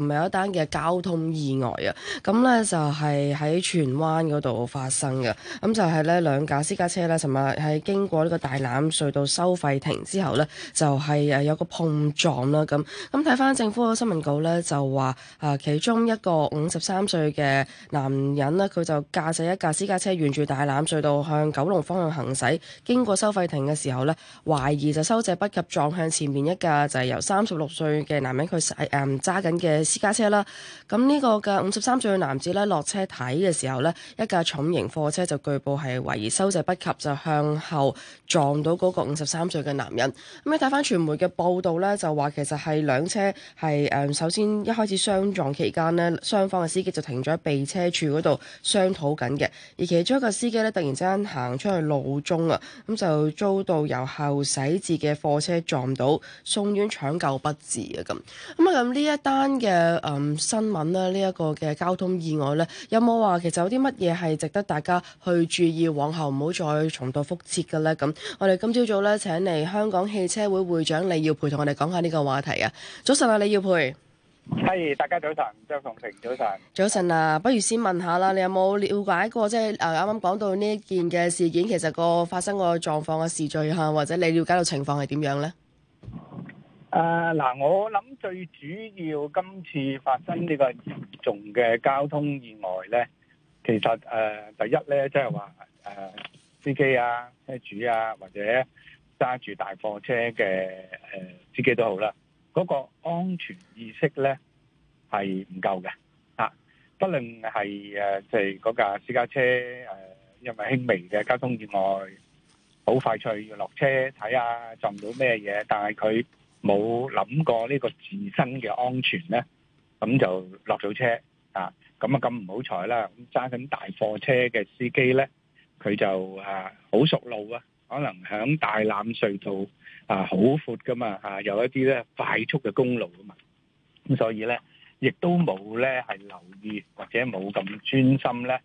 唔係有一單嘅交通意外啊，咁咧就係喺荃灣嗰度發生嘅，咁就係咧兩架私家車咧，尋日係經過呢個大欖隧道收費亭之後咧，就係、誒、有個碰撞啦，咁咁睇翻政府嘅新聞稿咧，就話啊其中一個五十三歲嘅男人咧，佢就駕駛一架私家車沿住大欖隧道向九龍方向行駛，經過收費亭嘅時候咧，懷疑就收掣不及撞向前面一架就係由三十六歲嘅男人佢、嗯、駛揸緊嘅私家車啦，咁呢個嘅五十三歲嘅男子咧落車睇嘅時候咧，一架重型貨車就據報係懷疑收掣不及，就向後撞到嗰個五十三歲嘅男人。咁你睇翻傳媒嘅報道咧，就話其實係兩車係誒首先一開始相撞期間呢，雙方嘅司機就停咗喺避車處嗰度商討緊嘅，而其中一個司機咧突然之間行出去路中啊，咁就遭到由後駛至嘅貨車撞到，送院搶救不治啊咁。咁啊咁呢一單嘅、嘅、嗯、新聞啦，呢、這、一個嘅交通意外呢，有冇話其實有啲乜嘢係值得大家去注意，往後唔好再重蹈覆轍嘅呢？咁我哋今朝早，早呢，請嚟香港汽車會會長李耀培同我哋講下呢個話題啊！早晨啊，李耀培，係大家早晨，張鳳平早晨，早晨啊，不如先問下啦，你有冇了解過即係啱啱講到呢一件嘅事件，其實個發生個狀況嘅時序嚇，或者你了解到情況係點樣呢？誒，嗱，我諗最主要今次發生呢個嚴重嘅交通意外咧，其實誒，第一咧，即係話誒，司機啊、車主啊，或者揸住大貨車嘅誒司機都好啦，嗰個安全意識咧係唔夠嘅吓，不論係誒即係嗰架私家車誒，因為輕微嘅交通意外，好快脆要落車睇下撞到咩嘢，但係佢。冇諗過呢個自身嘅安全呢，咁就落咗車啊！咁啊咁唔好彩啦！揸緊大貨車嘅司機呢，佢就啊好熟路啊，可能響大欖隧道啊好闊㗎嘛嚇，有一啲呢快速嘅公路㗎嘛，咁所以呢亦都冇呢係留意或者冇咁專心呢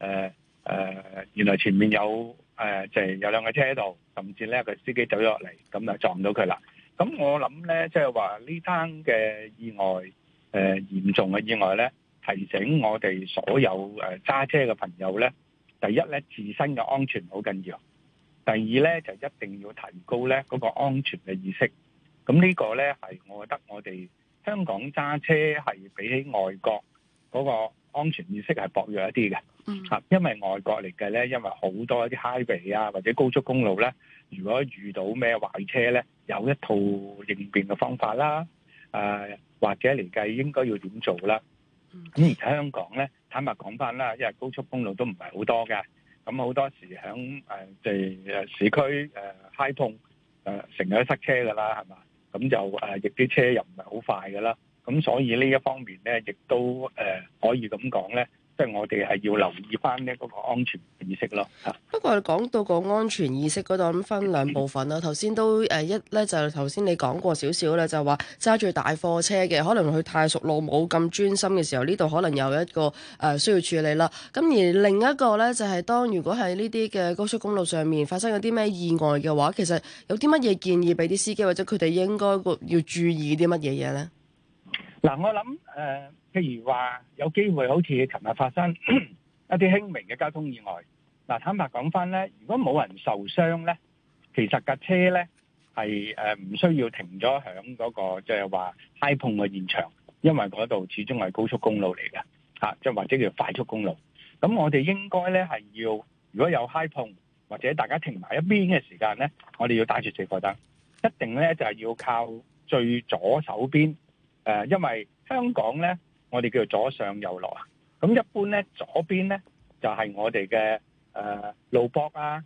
誒誒，原來前面有誒就係有兩個車喺度，甚至呢個司機走咗落嚟，咁就撞到佢啦。咁我諗呢，即係話呢單嘅意外，誒、呃、嚴重嘅意外呢，提醒我哋所有誒揸、呃、車嘅朋友呢：第一呢，自身嘅安全好緊要，第二呢，就一定要提高呢嗰、嗰個安全嘅意識。咁呢個呢，係我覺得我哋香港揸車係比起外國嗰個安全意識係薄弱一啲嘅、嗯，啊，因為外國嚟計呢，因為好多一啲 highway 啊或者高速公路呢。如果遇到咩壞車咧，有一套應變嘅方法啦，啊、或者嚟計應該要點做啦。咁而家香港咧，坦白講翻啦，因為高速公路都唔係好多嘅，咁好多時響即、啊啊、市區誒、啊、開通誒成日都塞車噶啦，係嘛？咁就誒啲、啊、車又唔係好快噶啦，咁所以呢一方面咧，亦都、啊、可以咁講咧。即係我哋係要留意翻呢個安全意識咯。不過講到個安全意識嗰度，咁分兩部分啦。頭先都誒一咧就頭先你講過少少啦，就話揸住大貨車嘅，可能佢太熟路冇咁專心嘅時候，呢度可能有一個誒、呃、需要處理啦。咁而另一個咧就係、是、當如果喺呢啲嘅高速公路上面發生有啲咩意外嘅話，其實有啲乜嘢建議俾啲司機或者佢哋應該要注意啲乜嘢嘢咧？嗱、呃，我諗誒、呃，譬如話有機會好似琴日發生一啲輕微嘅交通意外，嗱、呃、坦白講返咧，如果冇人受傷咧，其實架車咧係唔需要停咗響嗰個即係話揩碰嘅現場，因為嗰度始終係高速公路嚟嘅嚇，即、啊、係或者叫快速公路。咁我哋應該咧係要，如果有揩碰或者大家停埋一邊嘅時間咧，我哋要打住四個燈，一定咧就係、是、要靠最左手邊。因為香港咧，我哋叫做左上右落啊。咁一般咧，左邊咧就係、是、我哋嘅、呃、路壆啊、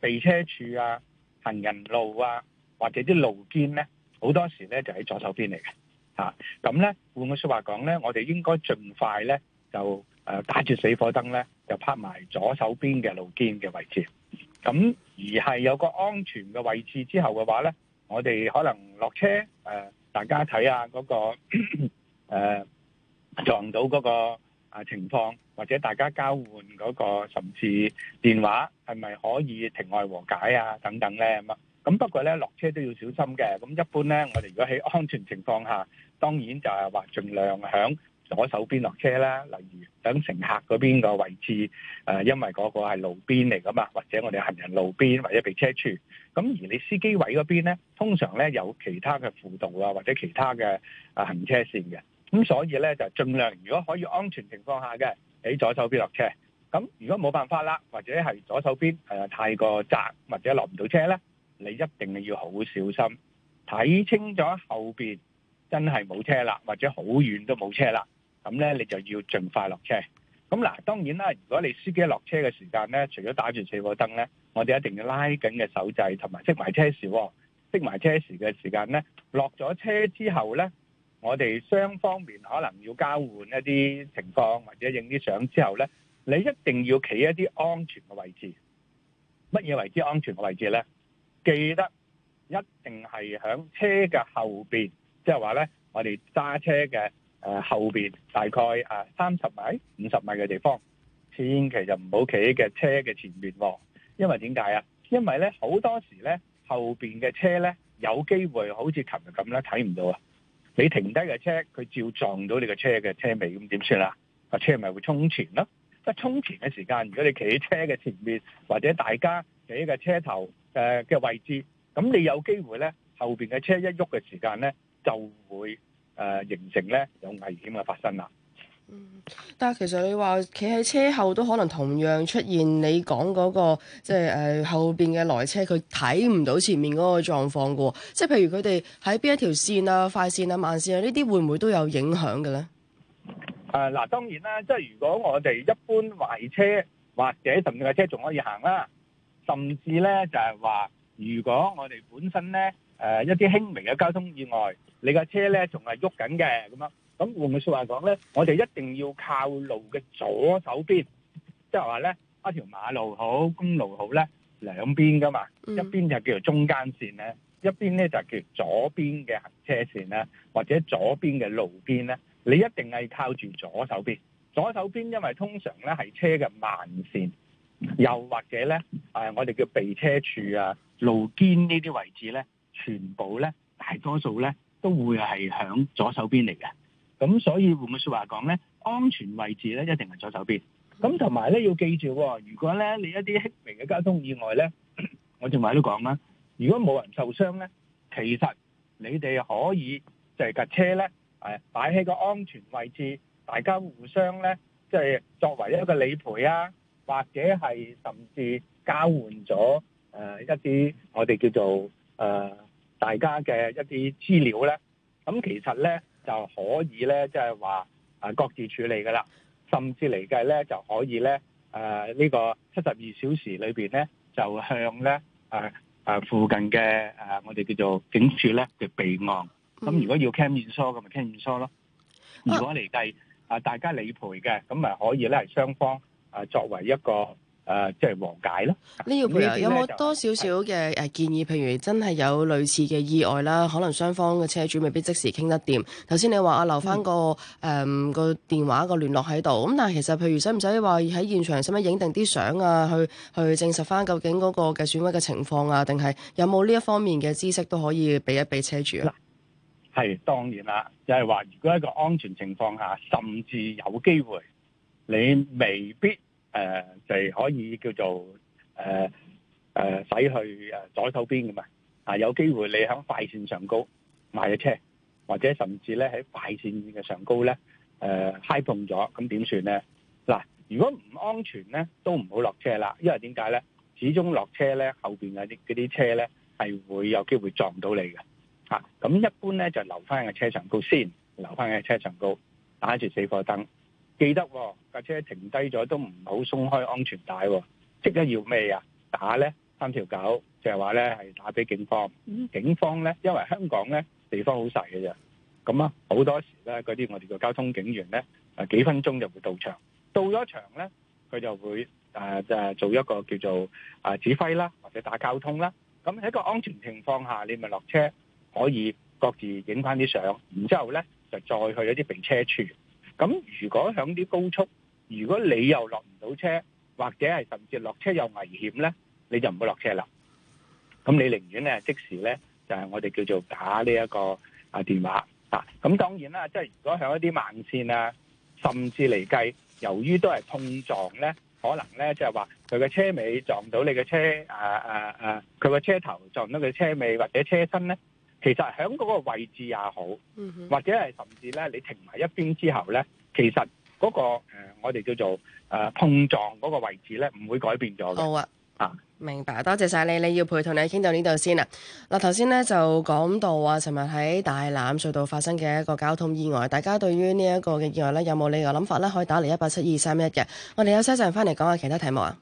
避車處啊、行人路啊，或者啲路肩咧，好多時咧就喺、是、左手邊嚟嘅。咁咧換句話說話講咧，我哋應該盡快咧就打住死火燈咧，就拍埋左手邊嘅路肩嘅位置。咁而係有個安全嘅位置之後嘅話咧，我哋可能落車、呃大家睇下嗰、嗰個咳咳、呃、撞到嗰個啊情況，或者大家交換嗰個，甚至電話係咪可以庭外和解啊？等等咧咁啊，咁不過咧落車都要小心嘅。咁一般咧，我哋如果喺安全情況下，當然就係話盡量響，左手邊落車啦，例如等乘客嗰邊個位置，呃、因為嗰個係路邊嚟㗎嘛，或者我哋行人路邊或者避車處。咁而你司機位嗰邊呢，通常呢有其他嘅輔道啊，或者其他嘅行車線嘅。咁所以呢，就盡量，如果可以安全情況下嘅，喺左手邊落車。咁如果冇辦法啦，或者係左手邊、呃、太過窄，或者落唔到車呢，你一定要好小心，睇清咗後面真係冇車啦，或者好遠都冇車啦。咁咧，你就要盡快落車。咁嗱，當然啦，如果你司機落車嘅時間咧，除咗打住四個燈咧，我哋一定要拉緊嘅手掣，同埋熄埋車匙、哦。熄埋車匙嘅時間咧，落咗車之後咧，我哋雙方面可能要交換一啲情況，或者影啲相之後咧，你一定要企一啲安全嘅位置。乜嘢為之安全嘅位置咧？記得一定係響車嘅後面，即係話咧，我哋揸車嘅。誒、呃、後面大概誒三十米、五十米嘅地方，千祈就唔好企喺架車嘅前面、哦，因為點解啊？因為咧好多時咧後面嘅車咧有機會好似琴日咁咧睇唔到啊！你停低嘅車，佢照撞到你個車嘅車尾，咁點算啊？個車咪會衝前咯？即係衝前嘅時間，如果你企喺車嘅前面，或者大家企喺車頭誒嘅、呃、位置，咁你有機會咧後面嘅車一喐嘅時間咧就會。誒、呃、形成咧有危險嘅發生啦。嗯，但係其實你話企喺車後都可能同樣出現你講嗰、那個，即係誒後邊嘅來車佢睇唔到前面嗰個狀況嘅喎。即係譬如佢哋喺邊一條線啊、快線啊、慢線啊，呢啲會唔會都有影響嘅咧？誒、啊、嗱，當然啦，即係如果我哋一般壞車或者甚至架車仲可以行啦、啊，甚至咧就係話，如果我哋本身咧誒、呃、一啲輕微嘅交通意外。你架車咧，仲係喐緊嘅咁樣。咁換句説話講咧，我哋一定要靠路嘅左手邊，即係話咧一條馬路好公路好咧，兩邊噶嘛、嗯，一邊就叫做中間線咧，一邊咧就叫左邊嘅行車線咧，或者左邊嘅路邊咧，你一定係靠住左手邊。左手邊因為通常咧係車嘅慢線，又或者咧誒，我哋叫避車處啊、路肩呢啲位置咧，全部咧大多數咧。都會係響左手邊嚟嘅，咁所以換句說話講呢，安全位置呢一定係左手邊。咁同埋呢，要記住、哦，如果呢你一啲輕微嘅交通意外呢，我正話都講啦，如果冇人受傷呢，其實你哋可以就係、是、架車呢，誒擺喺個安全位置，大家互相呢，即、就、係、是、作為一個理賠啊，或者係甚至交換咗誒一啲我哋叫做誒，呃大家嘅一啲資料咧，咁其實咧就可以咧，即係話啊，各自處理㗎啦。甚至嚟計咧就可以咧，誒呢個七十二小時裏邊咧，就向咧啊啊附近嘅啊我哋叫做警署咧，就備案。咁如果要 claim insurance，咁咪 claim insurance 咯。如果嚟計啊，大家理賠嘅，咁咪可以咧係雙方啊作為一個。誒，即係和解咯。呢個譬如有冇多少少嘅誒建議？譬如真係有類似嘅意外啦，可能雙方嘅車主未必即時傾得掂。頭先你話啊，留翻個誒個電話個聯絡喺度。咁但係其實譬如使唔使話喺現場使唔使影定啲相啊？去去證實翻究竟嗰個嘅損毀嘅情況啊？定係有冇呢一方面嘅知識都可以俾一俾車主啊？係，當然啦，就係話如果喺個安全情況下，甚至有機會，你未必。誒、呃、就係可以叫做誒誒使去誒、呃、左手邊㗎嘛。啊有機會你喺快線上高買咗車，或者甚至咧喺快線嘅上高咧誒揩碰咗，咁點算咧？嗱、啊，如果唔安全咧，都唔好落車啦，因為點解咧？始終落車咧，後邊嘅啲嗰啲車咧係會有機會撞到你嘅嚇。咁、啊、一般咧就留翻喺車上高先，留翻喺車上高打住四個燈。記得架車停低咗都唔好鬆開安全帶，即刻要咩啊？打呢三條狗，就係，即係話呢，係打俾警方。警方呢，因為香港呢地方好細嘅啫，咁啊好多時呢嗰啲我哋嘅交通警員呢，啊幾分鐘就會到場。到咗場呢，佢就會啊啊，呃，做一個叫做啊指揮啦，或者打交通啦。咁喺個安全情況下，你咪落車可以各自影翻啲相，然之後呢就再去一啲停車處。咁如果喺啲高速，如果你又落唔到車，或者係甚至落車有危險呢，你就唔好落車啦。咁你寧願呢，即時呢，就係、是、我哋叫做打呢一個啊電話啊。咁當然啦，即係如果喺一啲慢線啊，甚至嚟計，由於都係碰撞呢，可能呢，就係話佢個車尾撞到你嘅車、啊啊啊、佢個車頭撞到佢車尾或者車身呢。其實喺嗰個位置也好，嗯、或者係甚至咧，你停埋一邊之後咧，其實嗰、嗰個、呃、我哋叫做誒、呃、碰撞嗰個位置咧，唔會改變咗好、哦、啊，啊明白，多謝晒你，你要陪同你傾到呢度先、啊、呢度先啦。嗱，頭先咧就講到話，尋日喺大欖隧道發生嘅一個交通意外，大家對於呢一個嘅意外咧，有冇呢個諗法咧？可以打嚟一八七二三一嘅。我哋有啲嘢想返嚟講下其他題目啊。